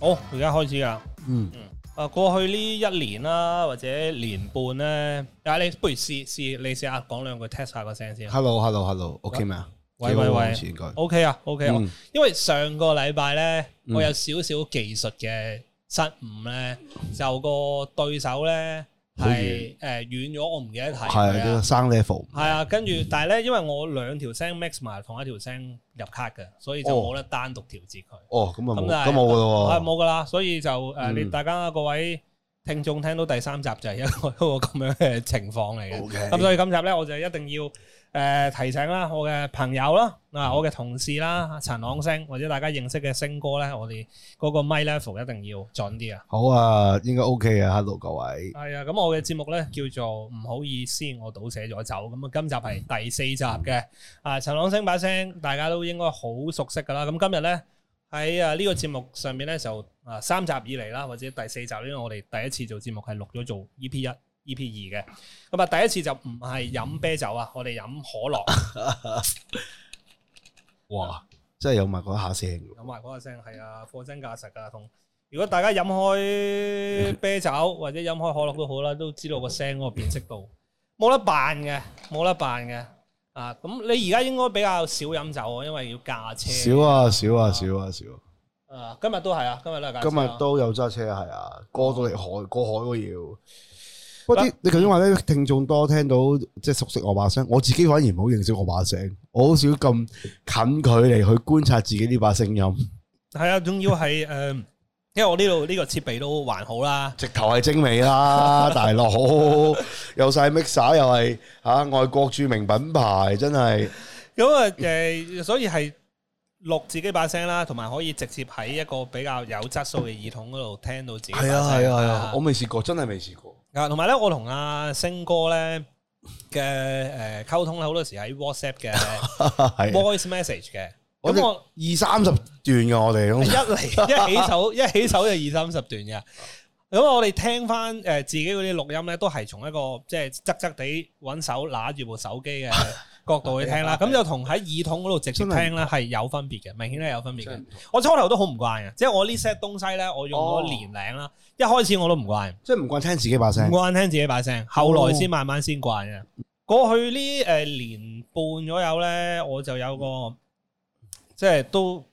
好，而家、哦、開始啦。嗯嗯，啊、嗯，過去呢一年啦，或者年半咧，啊、嗯，你不如試試，你試下講兩句 test 下個聲先。Hello，hello，hello，OK、okay，咩啊？喂，喂，喂，應該 OK 啊，OK 啊，因為上個禮拜咧，我有少少技術嘅失誤咧，就、嗯、個對手咧。係誒遠咗，呃、我唔記得睇係生 level。係啊，跟住但係咧，因為我兩條聲 mix 埋同一條聲入卡嘅，所以就冇得單獨調節佢、哦。哦，咁啊，咁就冇，冇㗎啦。所以就誒，嗯、你大家各位聽眾聽到第三集就係一個一個咁樣嘅情況嚟嘅。O K。咁所以今集咧，我就一定要。誒、呃、提醒啦、啊，我嘅朋友啦，啊我嘅同事啦，陳朗昇，或者大家認識嘅星哥咧，我哋嗰個咪 level 一定要準啲啊！好啊，應該 OK 啊，hello 各位。係啊，咁我嘅節目咧叫做唔好意思，我倒寫咗走。咁啊，今集係第四集嘅、嗯、啊，陳朗昇把聲大家都應該好熟悉噶啦。咁、啊、今日咧喺啊呢個節目上面咧就啊三集以嚟啦，或者第四集呢，我哋第一次做節目係錄咗做 EP 一。EP 二嘅咁啊，第一次就唔係飲啤酒啊，嗯、我哋飲可樂。 哇！真係有埋嗰下聲，有埋嗰下聲，係啊，貨真價實噶。同如果大家飲開啤酒、嗯、或者飲開可樂都好啦，都知道個聲嗰個辨識度，冇得扮嘅，冇得扮嘅。啊，咁你而家應該比較少飲酒啊，因為要駕車。少啊，少啊，啊少啊，啊少啊。啊，今日都係啊，今日都、啊、今日都有揸車、啊，係啊，過到嚟海，過海都要。啲你頭先話咧，聽眾多聽到即係熟悉我把聲。我自己反而唔好認識我把聲，我好少咁近距離去觀察自己呢把聲音。係啊，重要仲要係誒，因為我呢度呢個設備都還好啦，直頭係精美啦，大佬又晒 mixer，又係吓外國著名品牌，真係咁啊！誒，所以係錄自己把聲啦，同埋可以直接喺一個比較有質素嘅耳筒嗰度聽到自己。係啊係啊係啊！我未試過，真係未試過。啊，同埋咧，我同阿星哥咧嘅誒溝通咧，好多時喺 WhatsApp 嘅 Voice Message 嘅 的，咁我，我二三十段嘅我哋咁，一嚟 一起手一起手就二三十段嘅，咁我哋聽翻誒自己嗰啲錄音咧，都係從一個即係側側地揾手拿住部手機嘅。 角度去聽啦，咁就同喺耳筒嗰度直接聽啦，係有分別嘅，明顯係有分別嘅。我初頭都好唔慣嘅，即、就、係、是、我呢套東西咧，我用咗年零啦，哦、一開始我都唔慣，即係唔慣聽自己把聲，唔慣聽自己把聲，後來先慢慢先慣嘅。嗯、過去呢誒年半左右咧，我就有個即係都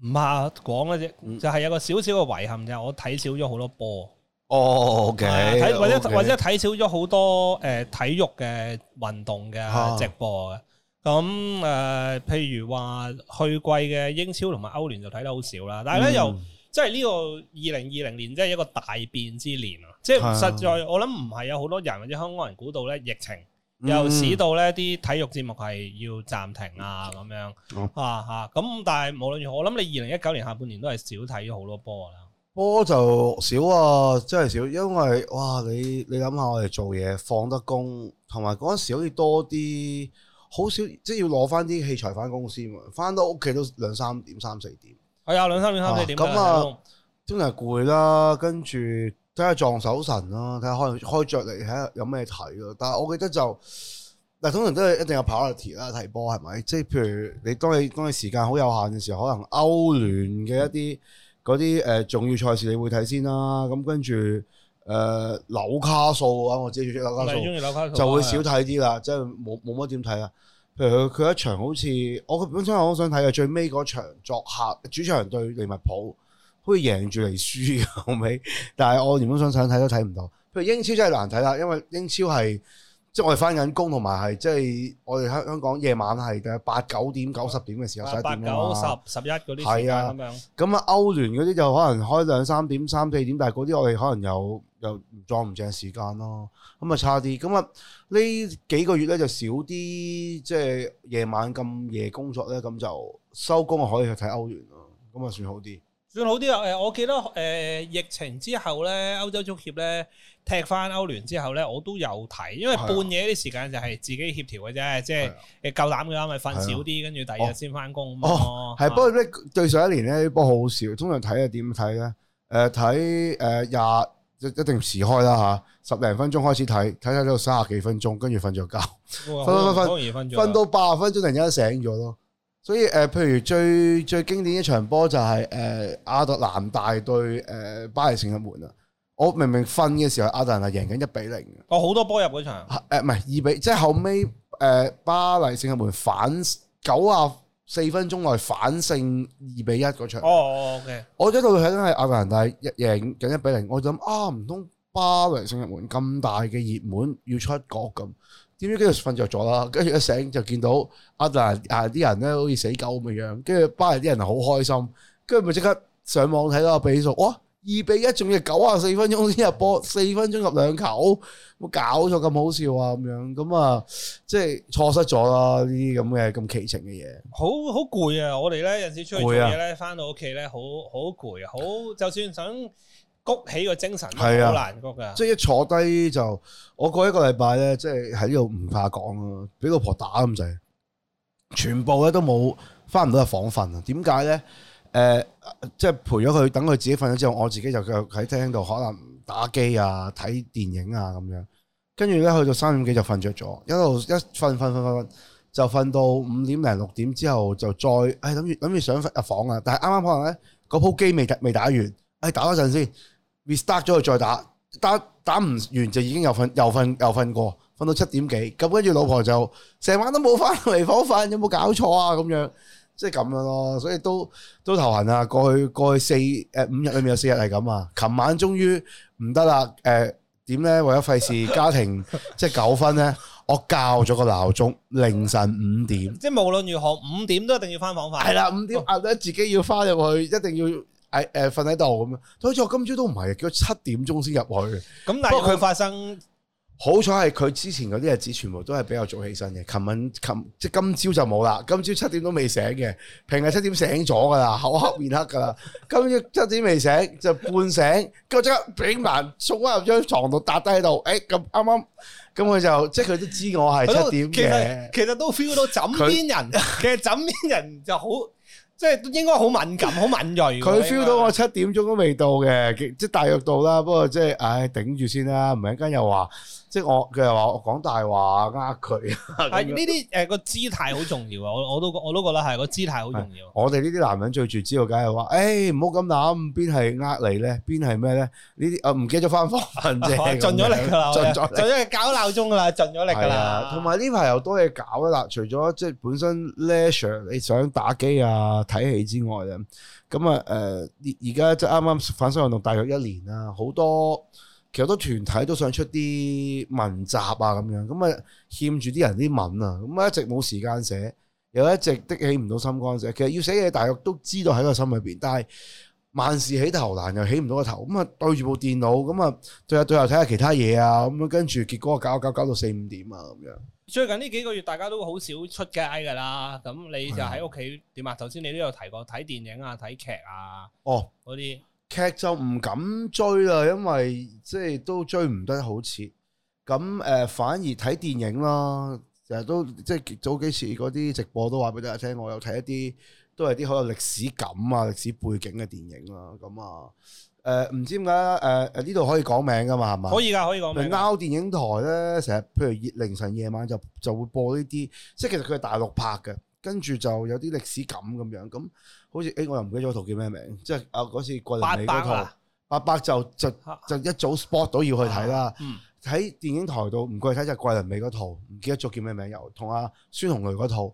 唔怕講嘅啫，就係、是就是、有個少少嘅遺憾就係我睇少咗好多波。哦、oh，OK，睇、okay. 或者或者睇少咗好多誒、呃，體育嘅運動嘅直播嘅，咁誒、啊呃，譬如話去季嘅英超同埋歐聯就睇得好少啦。但係咧又即係呢個二零二零年，即係一個大變之年啊！嗯、即係實在、嗯、我諗唔係有好多人或者香港人估到咧疫情，又使到咧啲體育節目係要暫停啊咁樣啊吓。咁、嗯嗯、但係無論如何，我諗你二零一九年下半年都係少睇咗好多波啦。波就少啊，真係少，因為哇，你你諗下我哋做嘢放得工，同埋嗰陣時好似多啲，好少，即係要攞翻啲器材翻公司嘛，翻到屋企都兩三點、三四點。係啊，兩三點、三四點咁啊，真係攰啦。跟住睇下撞手神啦，睇下開開著嚟睇下有咩睇咯。但係我記得就，嗱，通常都係一定有 priority 啦，睇波係咪？即係譬如你當你當你時間好有限嘅時候，可能歐聯嘅一啲。嗯嗰啲誒重要賽事你會睇先啦，咁跟住誒紐卡素啊，我自己中意紐卡素，卡就會少睇啲啦，的即係冇冇乜點睇啊。譬如佢佢一場好似我本身我好想睇嘅，最尾嗰場作客主場對利物浦，好似贏住嚟輸後尾， 但係我原本想想睇都睇唔到。譬如英超真係難睇啦，因為英超係。即係我哋返緊工，同埋係即係我哋香香港夜晚係八九點、九十點嘅時候，十一點九十十一嗰啲時間咁樣。咁啊，歐聯嗰啲就可能開兩三點、三四點，但係嗰啲我哋可能又有，有撞唔正時間咯。咁啊，差啲。咁啊，呢幾個月咧就少啲，即係夜晚咁夜工作咧，咁就收工可以去睇歐聯咯。咁啊，算好啲。仲好啲啊！誒，我記得誒疫情之後咧，歐洲足協咧踢翻歐聯之後咧，我都有睇，因為半夜啲時間就係自己協調嘅啫，啊、即係誒夠膽嘅咪瞓少啲，跟住、啊、第二日先翻工。哦，係、哦，不過咧對上一年咧啲波好少，通常睇係點睇咧？誒睇誒廿一一定時開啦吓，十零分鐘開始睇，睇睇到卅幾分鐘，跟住瞓咗覺，瞓瞓瞓瞓到八十分鐘突然間醒咗咯。所以誒、呃，譬如最最經典一場波就係、是、誒、呃、亞特蘭大對誒、呃、巴黎聖日門啊！我明明瞓嘅時候，亞特蘭係贏緊一比零嘅、哦。我好多波入嗰場唔係二比，即係後尾誒、呃、巴黎聖日門反九啊四分鐘內反勝二比一嗰場。哦哦哦，哦 okay、我一度睇緊係亞特蘭大一贏緊一比零，我就諗啊，唔通巴黎聖日門咁大嘅熱門要出局咁？點知跟住瞓着咗啦，跟住一醒就見到阿嗱啊啲人咧，好似死狗咁嘅樣，跟住巴黎啲人好開心，跟住咪即刻上網睇到個比數，哇，二比一仲要九十四分鐘先入波，四分鐘入兩球，冇搞錯，咁好笑啊咁樣，咁啊即係錯失咗啦呢啲咁嘅咁奇情嘅嘢。好好攰啊！我哋咧有陣時出去做嘢咧，翻到屋企咧好好攰啊，好就算想。谷起個精神都好難谷㗎，即係、啊就是、一坐低就我過一個禮拜咧，即係喺度唔怕講咯，俾老婆打咁滯，全部咧都冇返唔到入房瞓啊！點解咧？誒、呃，即、就、係、是、陪咗佢，等佢自己瞓咗之後，我自己就喺廳度可能打機啊、睇電影啊咁樣。跟住咧去到三點幾就瞓着咗，一路一瞓瞓瞓瞓瞓，就瞓到五點零六點之後就再誒諗住諗住上入房啊！但係啱啱可能咧嗰鋪機未未打完，誒打一陣先。restart 咗佢再打，打打唔完就已經又瞓，又瞓又瞓過，瞓到七點幾，咁跟住老婆就成晚都冇翻嚟房瞓，有冇搞錯啊？咁樣即係咁樣咯，所以都都頭痕啊！過去過去四誒五日裏面有四日係咁啊！琴晚終於唔得啦，誒點咧？為咗費事家庭即係糾紛咧，我校咗個鬧鐘凌晨五點，即係無論如何五點都一定要翻房瞓。係啦，五點壓低自己要翻入去，一定要。誒誒，瞓喺度咁樣，呃、好似我今朝都唔係，叫七點鐘先入去。咁，不過佢發生好彩係佢之前嗰啲日子，全部都係比較早起身嘅。琴晚琴即係今朝就冇啦，今朝七點都未醒嘅。平日七點醒咗噶啦，口黑面黑噶啦。 今朝七點未醒，就半醒，跟住、欸、 即刻俾埋縮翻入張床度，搭低喺度。誒，咁啱啱，咁佢就即係佢都知我係七點嘅。其實都 feel 到枕邊人 其實枕邊人就好。即係應該好敏感、好敏銳。佢 feel 到我七點鐘都未到嘅，即係大約到啦。不過即係，唉，頂住先啦。唔係一陣又話。即係我，佢又話我講大話呃佢。係呢啲誒，個姿態好重要啊！我我都我都覺得係個姿態好重要。我哋呢啲男人最知道梗係話，誒唔好咁諗，邊係呃你咧？邊係咩咧？呢啲啊，唔記得咗翻方文正，盡咗力㗎啦，盡咗盡搞鬧鐘㗎啦，盡咗力㗎啦。同埋呢排又多嘢搞啦，除咗即係本身 leisure 你想打機啊睇戲之外啊，咁啊誒而家即係啱啱反修運動大約一年啦，好多。其實都團體都想出啲文集啊，咁樣咁啊欠住啲人啲文啊，咁啊一直冇時間寫，又一直的起唔到心肝寫。其實要寫嘢，大約都知道喺個心裏邊，但係萬事起頭難，又起唔到個頭。咁啊對住部電腦，咁啊對下對下睇下其他嘢啊，咁樣跟住結果搞搞搞到四五點啊咁樣。最近呢幾個月大家都好少出街㗎啦，咁你就喺屋企點啊？頭先是的 你都有提過睇電影啊、睇劇啊，哦嗰啲。劇就唔敢追啦，因為即係都追唔得好似。咁誒、呃，反而睇電影啦，成日都即係早幾時嗰啲直播都話俾大家聽，我有睇一啲都係啲好有歷史感啊、歷史背景嘅電影啦。咁啊，誒唔、啊呃、知點解誒誒呢度可以講名噶嘛？係嘛？可以噶可以講名。貓電影台咧，成日譬如凌晨夜晚就就會播呢啲，即係其實佢係大陸拍嘅。跟住就有啲歷史感咁樣，咁、嗯、好似誒、欸、我又唔記得咗套叫咩名，即係啊嗰次《桂林美》嗰套、啊，阿伯就就就一早 spot 到要去睇啦。喺、啊、電影台度唔貴睇就《桂林美》嗰套，唔記得咗叫咩名又同阿孫紅雷嗰套。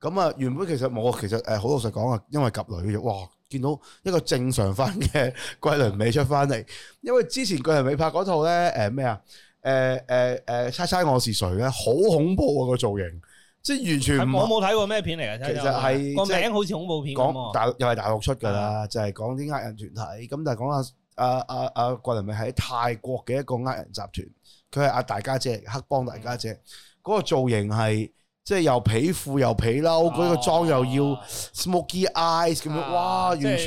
咁、嗯、啊原本其實冇啊，其實誒好、呃、老實講啊，因為及雷嘅嘢，哇！見到一個正常翻嘅《桂林美》出翻嚟，因為之前《桂林美》拍嗰套咧，誒咩啊？誒誒誒，猜、欸、猜、欸、我是誰咧，好恐怖啊個造型。即係完全唔，我冇睇過咩片嚟嘅，其實係個名好似恐怖片咁，大又係大陸出㗎啦，就係講啲呃人團體，咁但係講阿阿阿阿桂綸鎂喺泰國嘅一個呃人集團，佢係阿大家姐，黑幫大家姐，嗰個造型係即係又皮褲又皮褸，嗰個妝又要 smoky eyes 咁樣，哇！完全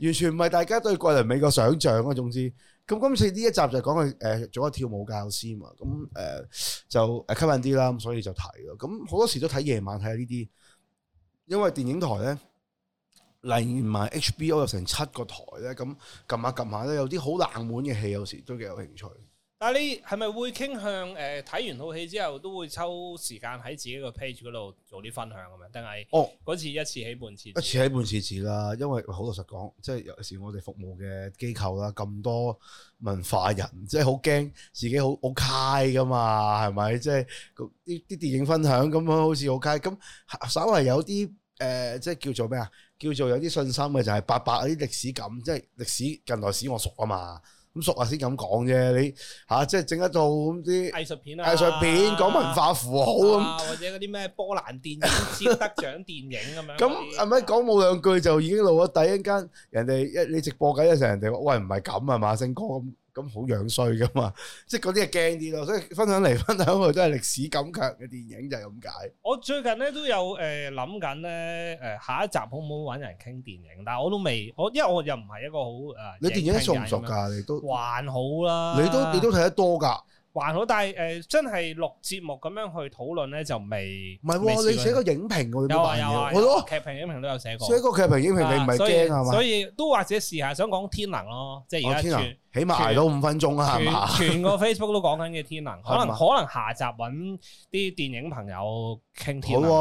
完全唔係大家對桂綸鎂個想像啊，總之。咁今次呢一集就講佢誒、呃、做一跳舞教師嘛，咁、呃、誒就誒吸引啲啦，咁所以就睇咯。咁好多時都睇夜晚睇下呢啲，因為電影台咧，例如埋 HBO 有成七個台咧，咁撳下撳下咧有啲好冷門嘅戲，有時都幾有興趣。但係你係咪會傾向誒睇、呃、完套戲之後都會抽時間喺自己個 page 嗰度做啲分享咁樣？定係嗰次一次起半次？一次起半次次啦，因為好老實講，即係有時我哋服務嘅機構啦，咁多文化人，即係好驚自己好好卡噶嘛，係咪？即係啲啲電影分享咁樣好似好卡，咁稍為有啲誒、呃，即係叫做咩啊？叫做有啲信心嘅就係八八啲歷史感，即係歷史近代史我熟啊嘛。咁、嗯、熟啊，先咁講啫，你吓即係整一套咁啲藝術片啊，藝術片講文化符號咁、啊啊，或者嗰啲咩波蘭電影、得奬 電影咁樣。咁係咪講冇兩句就已經露咗底？一間人哋一你直播緊一時人，人哋話喂，唔係咁啊嘛，星哥。咁好樣衰㗎嘛，即係嗰啲係驚啲咯，所以分享嚟分享去都係歷史感強嘅電影就係咁解。我最近咧，都有誒諗緊咧，誒下一集好唔好搵人傾電影，但係我都未，我因為我又唔係一個好誒。你電影熟唔熟㗎？你都還好啦。你都你都睇得多㗎。還好，但係誒，真係錄節目咁樣去討論咧，就未唔係？你寫個影評，有啊有啊，劇評影評都有寫過。寫個劇評影評，你唔係驚係嘛？所以都或者試下想講天能咯，即係而家。天能起碼捱到五分鐘啊，係嘛？全個 Facebook 都講緊嘅天能，可能可能下集揾啲電影朋友傾天能都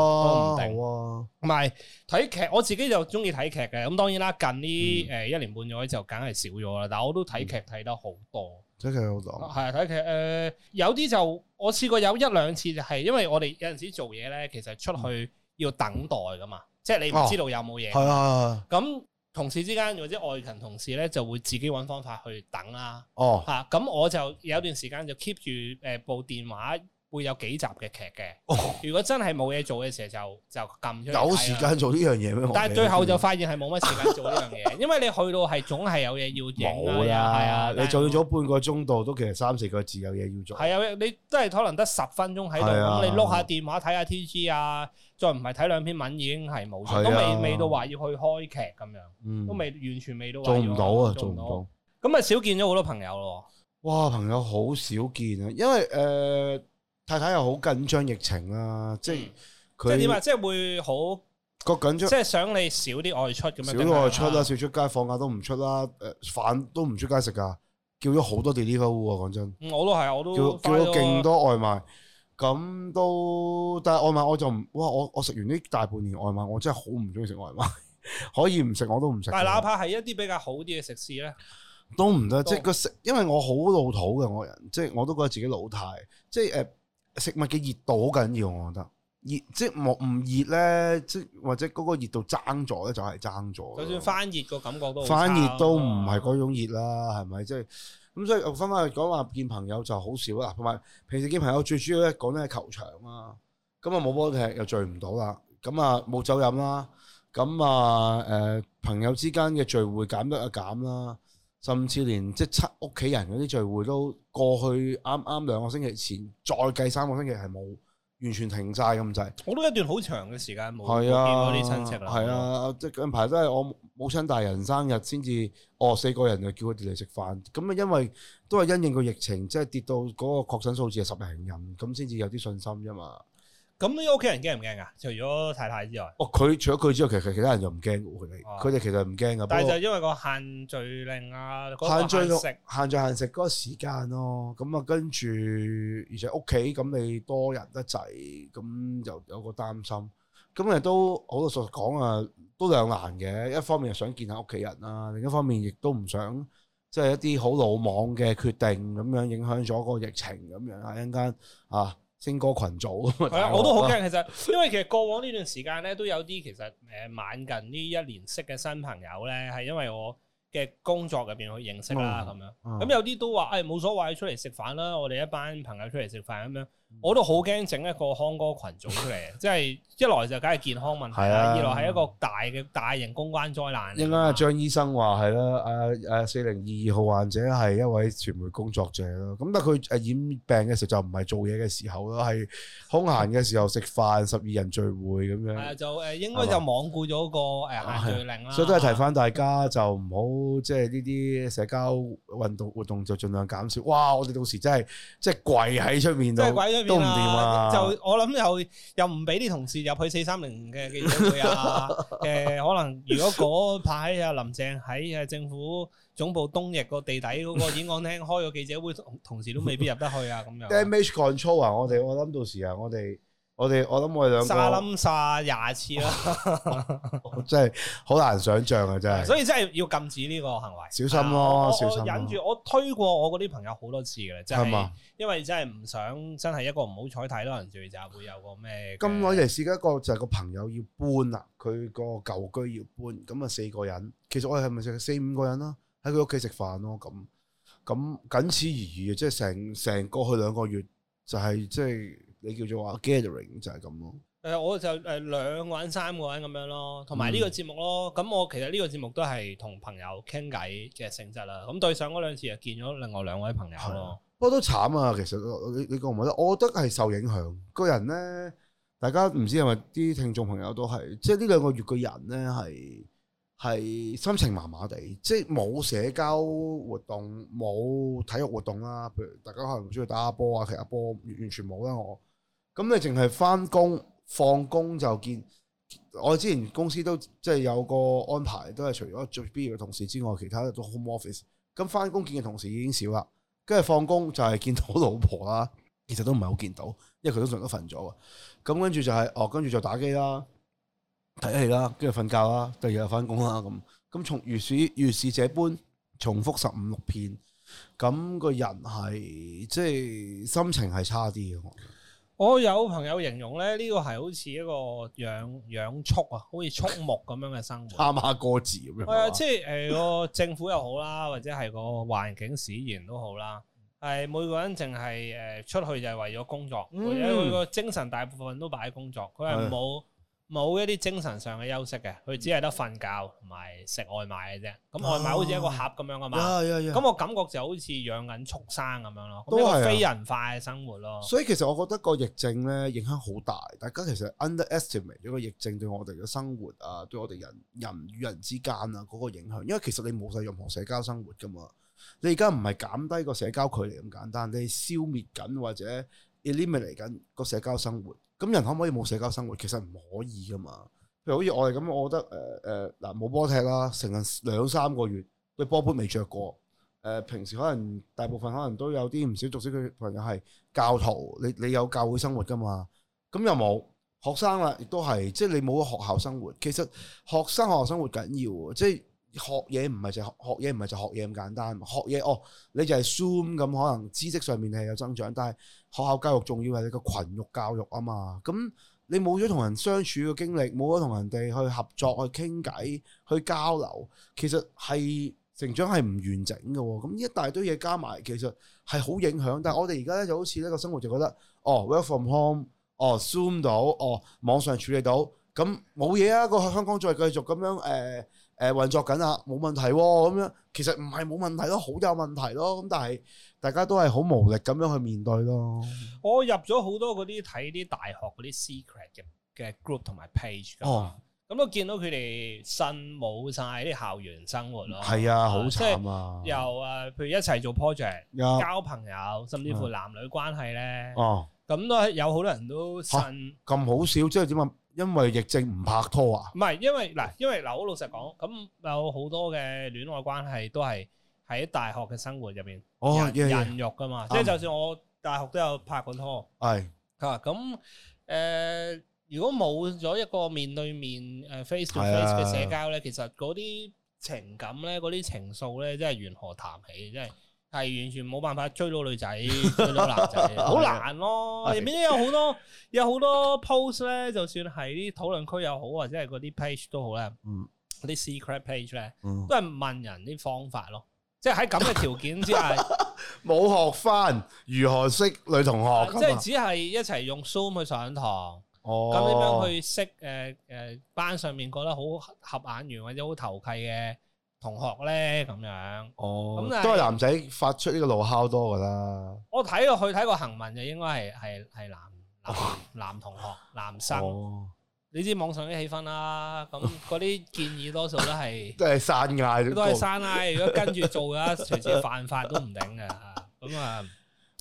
唔定。唔係睇劇，我自己就中意睇劇嘅。咁當然啦，近呢誒一年半咗就梗係少咗啦，但係我都睇劇睇得好多。睇劇好多，係睇劇。誒、呃，有啲就我試過有一兩次，就是，就係因為我哋有陣時做嘢咧，其實出去要等待噶嘛，嗯、即係你唔知道有冇嘢。係啊，哦，咁同事之間或者外勤同事咧，就會自己揾方法去等啦，啊。哦，啊，吓咁我就有段時間就 keep 住誒部電話。會有幾集嘅劇嘅。如果真係冇嘢做嘅時候，就就撳咗。有時間做呢樣嘢咩？但係最後就發現係冇乜時間做呢樣嘢，因為你去到係總係有嘢要。冇啦，係啊，你做咗半個鐘度，都其實三四個字有嘢要做。係啊，你都係可能得十分鐘喺度，你碌下電話睇下 TG 啊，再唔係睇兩篇文已經係冇。都未未到話要去開劇咁樣，都未完全未到。做唔到啊，做唔到。咁啊少見咗好多朋友咯。哇，朋友好少見啊，因為誒。太太又好緊張疫情啦，即係佢即點啊？即係會好個緊張，即係想你少啲外出咁樣少外出啦，少出街放假都唔出啦，誒飯都唔出街食噶，叫咗好多 delivery 喎。講真，我都係我都叫咗勁多外賣，咁都但係外賣我就唔哇我我食完呢大半年外賣，我真係好唔中意食外賣，可以唔食我都唔食。但係哪怕係一啲比較好啲嘅食肆咧，都唔得，即係個食，因為我好老土嘅我人，即係我都覺得自己老太，即係誒。食物嘅熱度好緊要，我覺得熱即係冇唔熱咧，即係或者嗰個熱度爭咗咧，就係爭咗。就算翻熱個感覺都翻熱都唔係嗰種熱啦，係咪即係咁？就係、所以我翻返去講話見朋友就好少啦，同埋平時見朋友最主要講緊係球場啊，咁啊冇波踢又聚唔到啦，咁啊冇酒飲啦，咁啊誒、呃、朋友之間嘅聚會減得就減啦。甚至連即係七屋企人嗰啲聚會都過去啱啱兩個星期前，再計三個星期係冇完全停晒咁滯。我都一段好長嘅時間冇、啊、見到啲親戚啦。係啊，即係、啊、近排都係我母親大人生日先至，哦，四個人就叫佢哋嚟食飯。咁啊，因為都係因應個疫情，即係跌到嗰個確診數字係十零人，咁先至有啲信心啫嘛。咁呢屋企人驚唔驚啊？除咗太太之外，哦，佢除咗佢之外，其實其他人就唔驚嘅，佢哋佢哋其實唔驚嘅。但係就因為個限聚令啊，限聚食、限，限聚限食嗰個時間咯。咁啊，跟住而且屋企咁你多人得滯，咁就有個擔心。咁啊都好老實實講啊，都兩難嘅。一方面係想見下屋企人啦，啊，另一方面亦都唔想即係、即係、一啲好魯莽嘅決定咁樣影響咗個疫情咁樣，一陣間啊～星哥群組，係 啊，我都好驚。其實，因為其實過往呢段時間咧，都有啲其實誒晚近呢一年識嘅新朋友咧，係因為我嘅工作入邊去認識啦咁樣。咁有啲都話誒冇所謂，出嚟食飯啦，我哋一班朋友出嚟食飯咁樣。我都好驚整一個康哥群組出嚟， 即係一來就梗係健康問題，啊、二來係一個大嘅大型公關災難。應該係張醫生話係啦，誒誒四零二二號患者係一位傳媒工作者咯，咁但佢誒染病嘅時候就唔係做嘢嘅時候咯，係空閒嘅時候食飯十二人聚會咁樣，啊。就誒應該就罔顧咗個誒限聚令啦吧，啊。所以都係提返大家就唔好即係呢啲社交運動活動就儘量減少。哇！我哋到時真係即係跪喺出面度。都唔掂啊！啊就我諗又又唔俾啲同事入去四三零嘅記者會啊！誒， 可能如果嗰排啊林鄭喺誒政府總部東翼個地底嗰個演講廳開個記者會， 同同事都未必入得去啊！咁樣。Damage control 啊！我哋我諗到時啊，我哋。我哋我諗我哋兩個諗晒廿次啦， 真係好難想象啊！真係，所以真係要禁止呢個行為，小心咯，啊、小心。忍住，我推過我嗰啲朋友好多次嘅啦，真、就、係、是、因為真係唔想真係一個唔好彩睇多人聚集，會有個咩？咁、嗯嗯、我哋試過一個就係、是、個朋友要搬啦，佢個舊居要搬，咁啊四個人，其實我哋係咪食四五個人咯、啊？喺佢屋企食飯咯，咁咁僅此而已，即係成成過去兩個月就係即係。就是就是就是你叫做話 gathering 就係咁咯，誒、嗯、我就誒兩個人、三個人咁樣咯，同埋呢個節目咯。咁、嗯、我其實呢個節目都係同朋友傾偈嘅性質啦。咁對上嗰兩次就見咗另外兩位朋友咯。不過都慘啊，其實你你覺唔覺得？我覺得係受影響個人咧，大家唔知係咪啲聽眾朋友都係，即係呢兩個月個人咧係係心情麻麻地，即係冇社交活動，冇體育活動啦。譬如大家可能唔中意打下波啊、踢下波，完全冇啦我。咁你淨係翻工放工就見，我之前公司都即係有個安排，都係除咗最必要嘅同事之外，其他都 home office。咁翻工見嘅同事已經少啦，跟住放工就係見到老婆啦，其實都唔係好見到，因為佢都瞓咗啊。咁跟住就係、是、哦，跟住就打機啦、睇戲啦，跟住瞓覺啦，第二日翻工啦咁。咁從如是如是這般重複十五六遍，咁、那個人係即係心情係差啲嘅。我有朋友形容咧，呢、這個係好似一個養養畜啊，好似畜牧咁樣嘅生活，啱馬過字咁樣。係、呃、啊，即係誒個政府又好啦，或者係個環境使然都好啦。係 每個人淨係誒出去就係為咗工作，嗯、或者佢個精神大部分都擺喺工作，佢係冇。冇一啲精神上嘅休息嘅，佢只係得瞓覺同埋食外賣嘅啫。咁外賣好似一個盒咁樣噶嘛。咁、啊啊啊、我感覺就好似養緊畜生咁樣咯，都、啊啊、個非人化嘅生活咯、啊。所以其實我覺得個疫症咧影響好大，大家其實 underestimate 咗個疫症對我哋嘅生活啊，對我哋人人與人之間啊嗰個影響。因為其實你冇晒任何社交生活噶嘛，你而家唔係減低個社交距離咁簡單，你係消滅緊或者 eliminate 緊個社交生活。咁人可唔可以冇社交生活？其實唔可以噶嘛。譬如好似我哋咁，我覺得誒誒嗱冇波踢啦，成日兩三個月對波杯未着過。誒、呃、平時可能大部分可能都有啲唔少讀書嘅朋友係教徒，你你有教會生活噶嘛？咁又冇學生啦，亦都係即係你冇個學校生活。其實學生學校生活緊要喎，即係。學嘢唔係就學，嘢唔係就學嘢咁簡單。學嘢哦，你就係 Zoom 咁，可能知識上面係有增長。但係學校教育仲要係你個群育教育啊嘛。咁你冇咗同人相處嘅經歷，冇咗同人哋去合作、去傾偈、去交流，其實係成長係唔完整嘅。咁一大堆嘢加埋，其實係好影響。但係我哋而家咧就好似呢個生活就覺得，哦 work from home，哦 Zoom 到，哦網上處理到，咁冇嘢啊。個香港再繼續咁樣誒。呃誒，運、呃、作緊啊，冇問題咁樣，其實唔係冇問題咯，好有問題咯，咁但係大家都係好無力咁樣去面對咯。我入咗好多嗰啲睇啲大學嗰啲 secret 嘅嘅 group 同埋 page 咁，咁我、啊、見到佢哋呻冇晒啲校園生活咯。係啊，好慘啊！又誒、啊，譬如一齊做 project、啊、交朋友，甚至乎男女關係咧。哦、啊，咁都係有好多人都呻。咁、啊、好笑，即係點啊？因為疫症唔拍拖啊？唔係，因為嗱，因為嗱，好老實講，咁有好多嘅戀愛關係都係喺大學嘅生活入邊人肉噶嘛，即係就算我大學都有拍過拖，係啊，咁誒，如果冇咗一個面對面誒 face to face 嘅社交咧，其實嗰啲情感咧，嗰啲情愫咧，即係緣何談起，即係。係完全冇辦法追到女仔， 追到男仔，好 難咯。入邊有好多的有好多 post 咧，就算係啲討論區又好或者係嗰啲 page 都好咧。嗯，啲 secret page 咧，嗯、都係問人啲方法咯。即係喺咁嘅條件之下，冇 學返如何識女同學。即係只係一齊用 Zoom 去上堂。哦，咁點樣去識誒誒班上面覺得好合眼緣或者好投契嘅？同學咧，咁樣，哦，就是、都係男仔發出呢個怒敲多噶啦。我睇過去睇過行文就應該係係係男男男同學男生。哦、你知網上啲氣氛啦，啊，咁嗰啲建議多數都係都係散嗌，都係散嗌。如果跟住做啦，隨時 犯法都唔頂嘅。咁啊，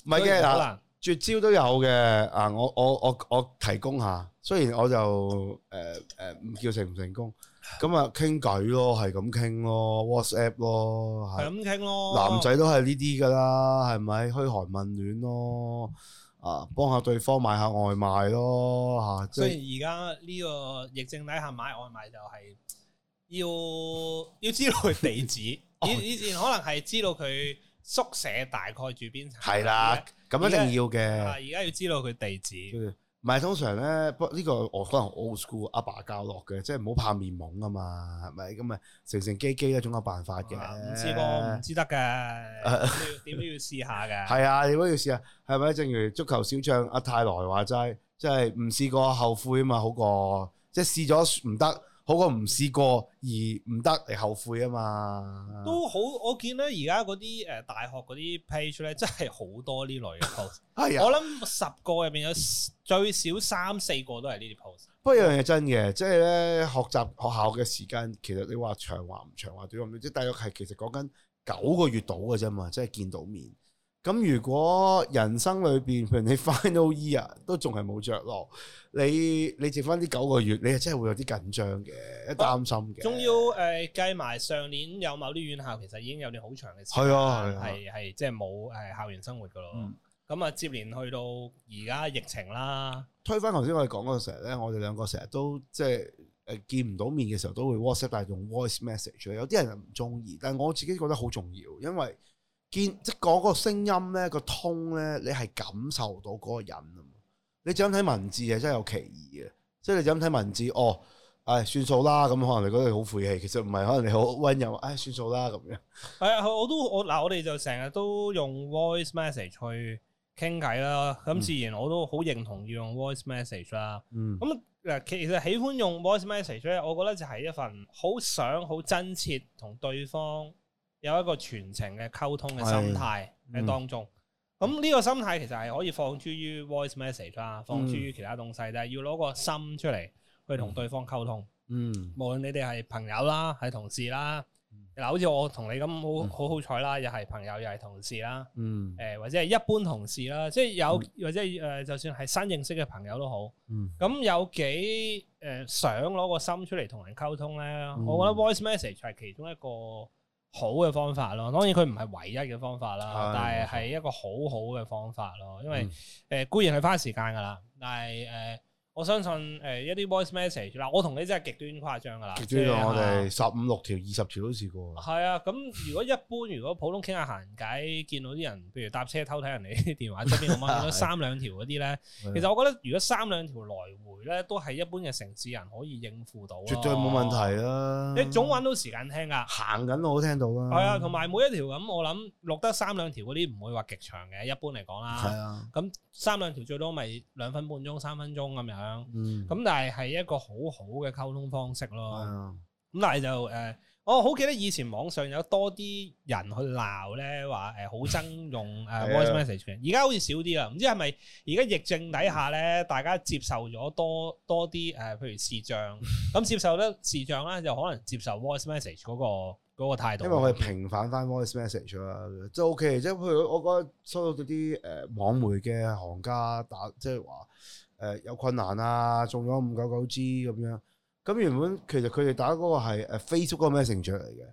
唔係嘅嗱，絕招都有嘅。啊，我我我我，我，我提供下，雖然我就誒誒唔叫成唔成功。咁啊，傾偈咯，係咁傾咯，WhatsApp 咯，係咁傾咯。男仔都係呢啲噶啦，係咪噓寒問暖咯？啊，幫下對方買下外賣咯，吓。即係而家呢個疫症底下買外賣就係要要知道佢地址，以 以前可能係知道佢宿舍大概住邊層，係啦的，咁在一定要嘅。而家要知道佢地址。唔係通常咧，不呢、這個我可能 old school 阿爸教落嘅，即係唔好怕面懵啊嘛，係咪咁啊？成成機機咧，總有辦法嘅。唔試過唔知得嘅，點都要試下嘅。係啊，點都 要試 啊，係咪？正如足球小將阿泰來話齋，即係唔試過後悔嘛，好過即係試咗唔得。好過唔試過而唔得你後悔啊嘛！都好，我見咧而家嗰啲誒大學嗰啲 page 咧，真係好多呢類嘅 post。係啊，我諗十個入面有最少三四個都係呢啲 post。嗯、不過一樣嘢真嘅，即係咧學習學校嘅時間，其實你話長話唔長，話短話短，即係大概係其實講緊九個月到嘅啫嘛，即係見到面。咁如果人生裏邊，譬如你 final year 都仲係冇着落，你你剩翻啲九個月，你係真係會有啲緊張嘅，一、啊、擔心嘅。仲要誒計埋上年有某啲院校其實已經有啲好長嘅時間，係係、啊啊、即係冇誒校園生活噶咯。咁啊、嗯、接連去到而家疫情啦，推翻頭先我哋講嗰陣時咧，我哋兩個成日都即係誒見唔到面嘅時候都會 WhatsApp，但係用 voice message，有啲人唔中意，但係我自己覺得好重要，因為。見即嗰個聲音咧，個 tone 咧，你係感受到嗰個人啊！你只想睇文字係真係有歧義嘅，即係你只想睇文字哦，唉算數啦咁，可能你覺得你好晦氣，其實唔係，可能你好溫柔，唉算數啦咁樣。係啊，我都我嗱，我哋就成日都用 voice message 去傾偈啦。咁、嗯、自然我都好認同要用 voice message 啦。嗯。咁嗱，其實喜歡用 voice message 咧，我覺得就係一份好想、好真切同對方。有一個全程嘅溝通嘅心態喺、嗯、當中，咁呢個心態其實係可以放諸於 voice message 啦，放諸於其他東西，但係、嗯、要攞個心出嚟，去同對方溝通。嗯，無論你哋係朋友啦，係同事啦，嗱、嗯，好似我同你咁，好好好彩啦，又係朋友又係同事啦。嗯，誒、呃，或者係一般同事啦，即係有、嗯、或者誒，就算係新認識嘅朋友都好。嗯，咁有幾誒想攞個心出嚟同人溝通咧？嗯、我覺得 voice message 係其中一個好嘅方法咯，當然佢唔係唯一嘅方法啦，但係係一個好好嘅方法咯，因為、嗯呃、固然係花時間㗎啦，但係誒我相信誒一啲 voice message 嗱，我同你真係極端誇張噶啦，極端、啊、我哋十五六條、二十條都試過。係啊，咁如果一般，如果普通傾下閒偈， 見到啲人，譬如搭車偷睇人哋電話，側邊咁樣，咁三兩條嗰啲咧， 啊、其實我覺得如果三兩條來回咧，都係一般嘅城市人可以應付到。絕對冇問題啊，你總揾到時間聽㗎。行緊我都聽到啦。係啊，同埋每一條咁，我諗錄得三兩條嗰啲唔會話極長嘅，一般嚟講啦。係啊。咁、啊、三兩條最多咪兩分半鐘、三分鐘咁樣。嗯，咁但係係一個好好嘅溝通方式咯，嗯。咁但係就誒，我好記得以前網上有多啲人去鬧咧，話誒好憎用誒 voice message 嘅。而家好似少啲啦，唔知係咪而家疫症底下咧，大家接受咗多多啲誒，譬如視像咁 接受得視像啦，就可能接受 voice message 嗰，嗰個嗰，嗰個態度。因為佢平反翻 voice message 啦，即 O K，即係譬如我覺得收到嗰啲誒網媒嘅行家打，即係話。誒、呃、有困難啊，中咗五九九 G 咁樣，咁、嗯、原本其實佢哋打嗰個係 Facebook 嗰個 message 嚟嘅，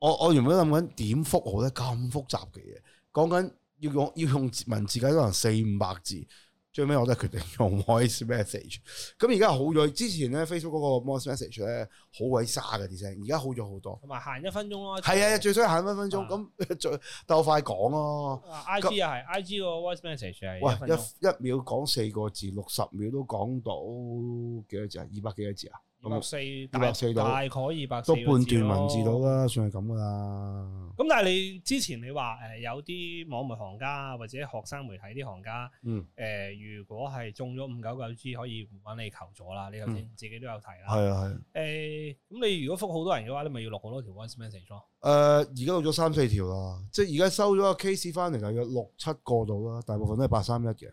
我我原本諗緊點覆好咧，咁複雜嘅嘢，講緊要用要用文字解，可能四五百字。最尾我都係決定用 voice message，咁而家好咗。之前咧 Facebook 嗰個 voice message 咧好鬼沙嘅啲聲，而家好咗好多。同埋行一分鐘咯，係啊的，的最衰行分分鐘。咁最鬥快講咯。I G 啊，係 I G 個 voice message 係喂，一一秒講四個字，六十秒都講到幾多字啊？二百幾多字啊？二百四大，大概二百四，都半段文字到啦，嗯、算係咁噶啦。咁但係你之前你話誒有啲網媒行家或者學生媒體啲行家，嗯誒、呃，如果係中咗五九九 G 可以搵你求助啦，你頭先自己都有提啦。係啊係。誒、呃，咁你如果覆好多人嘅話，你咪要落好多條 voice message 咯、呃。誒，而家到咗三四條啦，即係而家收咗個 case 翻嚟，大約六七個度啦，大部分都係八三一嘅。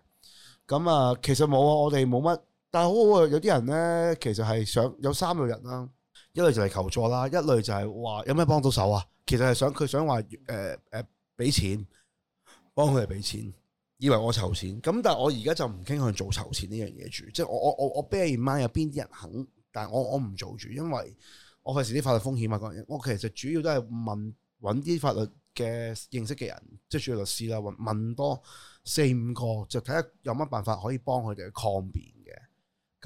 咁啊，其實冇啊，我哋冇乜。但係好啊，有啲人咧，其實係想有三類人啦，一類就係求助啦，一類就係、是、話有咩幫到手啊。其實係想佢想話誒誒俾錢，幫佢哋俾錢，以為我籌錢。咁但係我而家就唔傾向做籌錢呢樣嘢住，即係我我我我 bear mind 有邊啲人肯，但係我我唔做住，因為我費事啲法律風險啊。嘢，我其實主要都係問揾啲法律嘅認識嘅人，即主要律師啦，問多四五個，就睇下有乜辦法可以幫佢哋去抗辯。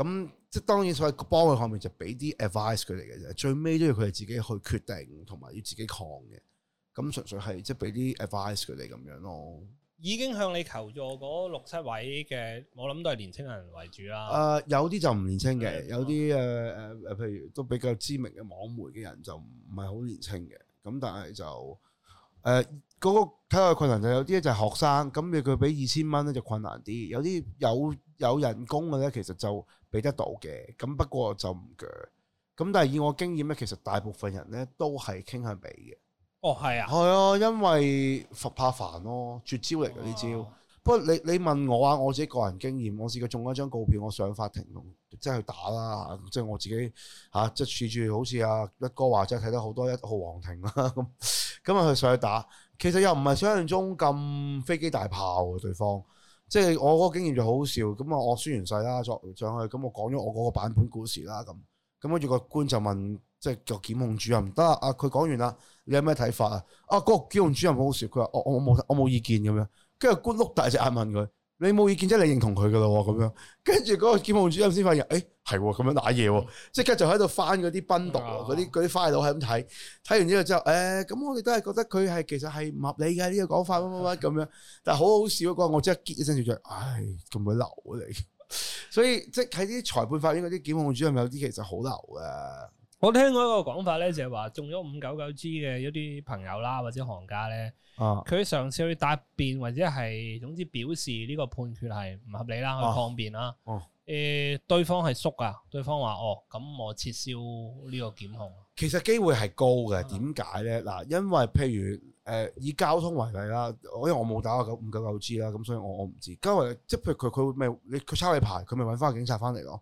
咁即係當然，所謂幫佢方面就俾啲 advice 佢哋嘅啫，最尾都要佢哋自己去決定，同埋要自己抗嘅。咁純粹係即係俾啲 advice 佢哋咁樣咯。已經向你求助嗰六七位嘅，我諗都係年青人為主啦。誒、呃，有啲就唔年青嘅，有啲誒誒誒，譬、呃、如都比較知名嘅網媒嘅人就唔係好年青嘅。咁但係就誒嗰、呃嗰個睇下困難就有啲就係學生，咁你佢俾二千蚊咧就困難啲，有啲有有人工嘅咧其實就。俾得到嘅，咁不過就唔鋸。咁但係以我經驗咧，其實大部分人咧都係傾向俾嘅。哦、oh, is，係 啊，係啊，因為伏怕煩咯，絕招嚟嘅呢招。不過、oh, oh, 你你問我啊，我自己個人經驗，我試過中咗一張告票，我上法庭咯，即係去打啦。即係我自己嚇，即係處處好似阿一哥話，即係睇得好多一號皇庭啦。咁咁啊，去、 嗯、 上去打，其實又唔係想象中咁飛機大炮嘅對方。即係我嗰個經驗就好好笑，咁啊我宣完誓啦，坐上去，咁我講咗我嗰個版本故事啦，咁咁跟住個官就問，即係個檢控主任，得啊，佢講完啦，你有咩睇法啊？啊，個檢控主任好好笑，佢話我我冇我冇意見咁樣，跟住官碌大隻眼問佢。你冇意見即係你認同佢嘅咯，咁樣跟住嗰個檢控主任先發現，誒係咁樣打嘢，即、嗯、刻就喺度翻嗰啲賓讀嗰啲嗰啲花佬係點睇？睇、嗯、完之後之後，誒、欸、咁我哋都係覺得佢係其實係唔合理嘅呢、呢個講法乜乜乜咁樣。嗯、但係好好笑嗰個，我即刻結一聲笑咗，唉咁鬼流你。所以即係喺啲裁判、法院嗰啲檢控主任，有啲其實好流啊。我聽過一個講法咧，就係話中咗五九九 G 嘅一啲朋友啦，或者行家咧，佢嘗試去答辯或者係，總之表示呢個判決係唔合理啦，去抗辯啦。誒、啊啊呃，對方係縮啊，對方話哦，咁我撤銷呢個檢控。其實機會係高嘅，點解咧？嗱，因為譬如誒、呃、以交通為例啦，因為我冇打過九五九九 G 啦，咁所以我我唔知。今日即係譬如佢佢咪你佢抄你牌，佢咪搵翻個警察翻嚟咯。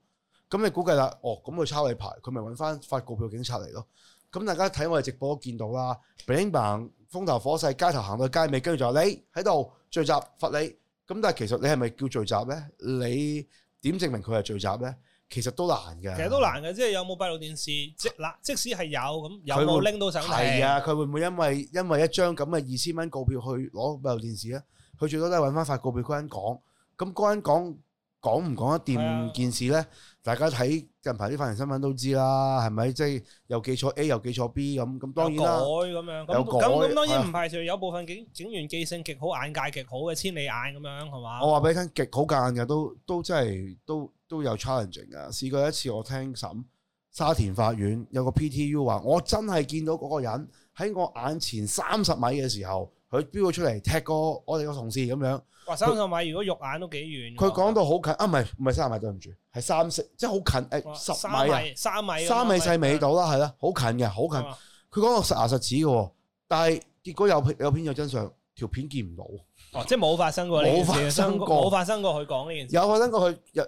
咁你估計啦，哦，咁佢抄你牌，佢咪揾翻發告票警察嚟咯？咁大家睇我哋直播都見到啦，平房風頭火勢，街頭行到街尾，跟住就話你喺度聚集，罰你。咁但係其實你係咪叫聚集咧？你點證明佢係聚集咧？其實都難嘅。其實都難嘅，即係有冇閉路電視？即嗱，即使係有咁，有冇拎到手？係啊，佢會唔會因為因為一張咁嘅二千蚊告票去攞閉路電視咧？佢最多都係揾翻發告票嗰個人講，咁嗰個人講。講唔講得掂、啊、件事咧？大家睇近排啲法庭新聞都知啦，係咪？即係又記錯 A 又記錯 B 咁咁，當然啦。咁樣有咁咁當然唔排除有部分警警員記性極好、眼界極好嘅千里眼咁樣，係嘛？我話俾你聽，極好間嘅都都真係都都，都有 challenge 嘅。試過一次，我聽審沙田法院有個 PTU 話，我真係見到嗰個人喺我眼前三十米嘅時候，佢飆咗出嚟踢個我哋個同事咁樣。話三十米，如果肉眼都幾遠。佢講到好近啊，唔係唔係三十米，對唔住，係三四，即係好近誒，十米三米，三米細未到啦，係啦，好近嘅，好近。佢講到實牙實齒嘅，但係結果有片有片有真相，條片見唔到。哦，即係冇發生過冇發生過，冇發生過佢講呢件事。有發生過佢有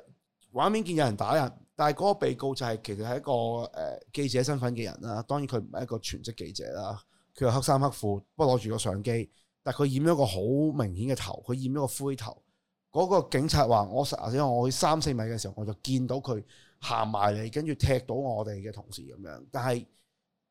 畫面見有人打人，但係嗰個被告就係、是、其實係一個誒記者身份嘅人啦。當然佢唔係一個全職記者啦，佢係黑衫黑褲，不過攞住個相機。但佢染咗個好明顯嘅頭，佢染咗個灰頭。嗰個警察話：我實，因為我去三四米嘅時候，我就見到佢行埋嚟，跟住踢到我哋嘅同事咁樣。但係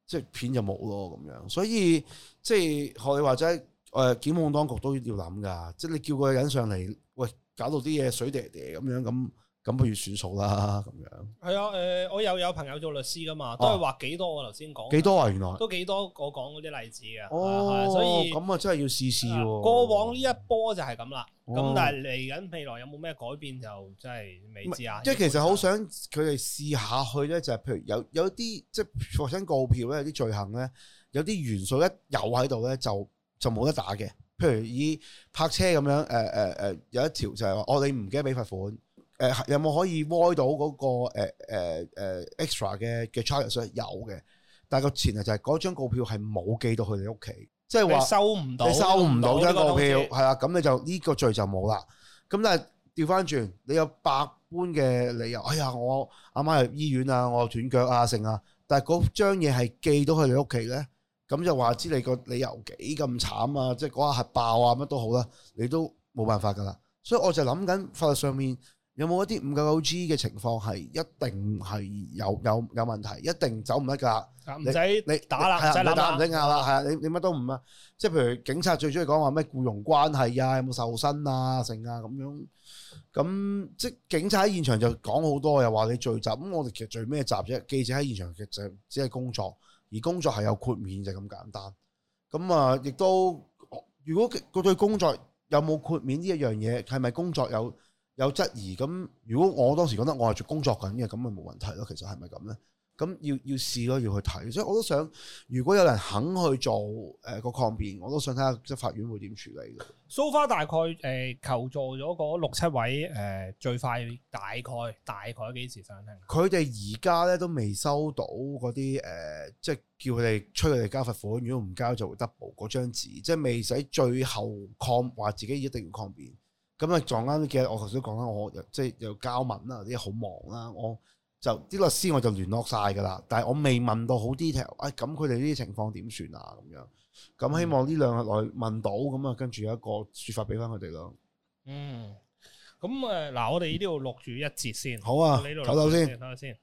即係片就冇咯咁樣。所以即係學你話齋，誒檢控當局都要諗㗎。即係你叫個人上嚟，喂，搞到啲嘢水嗲嗲咁樣咁。咁不如算數啦，咁樣。係啊，誒、呃，我又有朋友做律師噶嘛，都係話幾多我。我頭先講幾多啊，原來都幾多。我講嗰啲例子啊，哦，所以咁啊，真係要試試喎。過往呢一波就係咁啦，咁、哦、但係嚟緊未來有冇咩改變就真係未知啊。即係其實好想佢哋試下去咧，就係、是、譬如有有啲即係想告票咧，有啲罪行咧，有啲元素一有喺度咧，就就冇得打嘅。譬如以泊車咁樣，誒誒誒，有一條就係、是、話，我、哦、你唔記得俾罰，罰款。誒有冇可以 avoid 到嗰、那個誒誒、呃呃呃、extra 嘅嘅 charges？有嘅，但係個前提就係嗰張告票係冇寄到去、就是、你屋企，即係話收唔到，收唔到，收唔到張告票，係啦，咁你就呢、這個罪就冇啦。咁但係調翻轉，你有百般嘅理由，哎呀，我阿媽，媽入醫院啊，我斷腳啊，剩啊，但係嗰張嘢係寄到去你屋企咧，咁就話知你個理由幾咁慘啊！即係嗰下係爆啊乜都好啦，你都冇辦法噶啦。所以我就諗緊法律上面。有冇一啲五九九 G 嘅情況係一定係有有有問題，一定走唔得噶。唔使你打啦，唔使諗啦。係啊，你打打你乜都唔啊。即係譬如警察最中意講話咩僱傭關係有有等等啊，有冇受薪啊，剩啊咁樣。咁即係警察喺現場就講好多，又話你聚集。咁我哋其實聚咩集啫？記者喺現場其實只係工作，而工作係有豁免就咁、是、簡單。咁啊，亦、啊、都如果佢對工作有冇豁免呢一樣嘢，係咪工作有？有質疑咁，如果我當時覺得我係做工作緊嘅，咁咪冇問題咯。其實係咪咁咧？咁要要試咯，要去睇。所以我都想，如果有人肯去做誒、呃個抗辯，我都想睇下即法院會點處理嘅。So far，大概誒、呃、求助咗嗰六七位誒、呃、最快大概大概幾時上庭？佢哋而家咧都未收到嗰啲誒，即係叫佢哋催佢哋交罰款，如果唔交就會 double 嗰張紙,即係未使最後抗話自己一定要抗辯。咁啊撞啱啲嘅，我頭先講啦，我即係又交文啦，啲好忙啦，我就啲律師我就聯絡晒㗎喇，但係我未問到好 detail，哎，咁佢哋呢啲情況點算啊？咁樣，咁希望呢兩日內問到，咁啊跟住有一個説法俾翻佢哋咯。嗯，咁啊嗱，我哋呢度錄住一節先，好啊，唞唞先，等下先。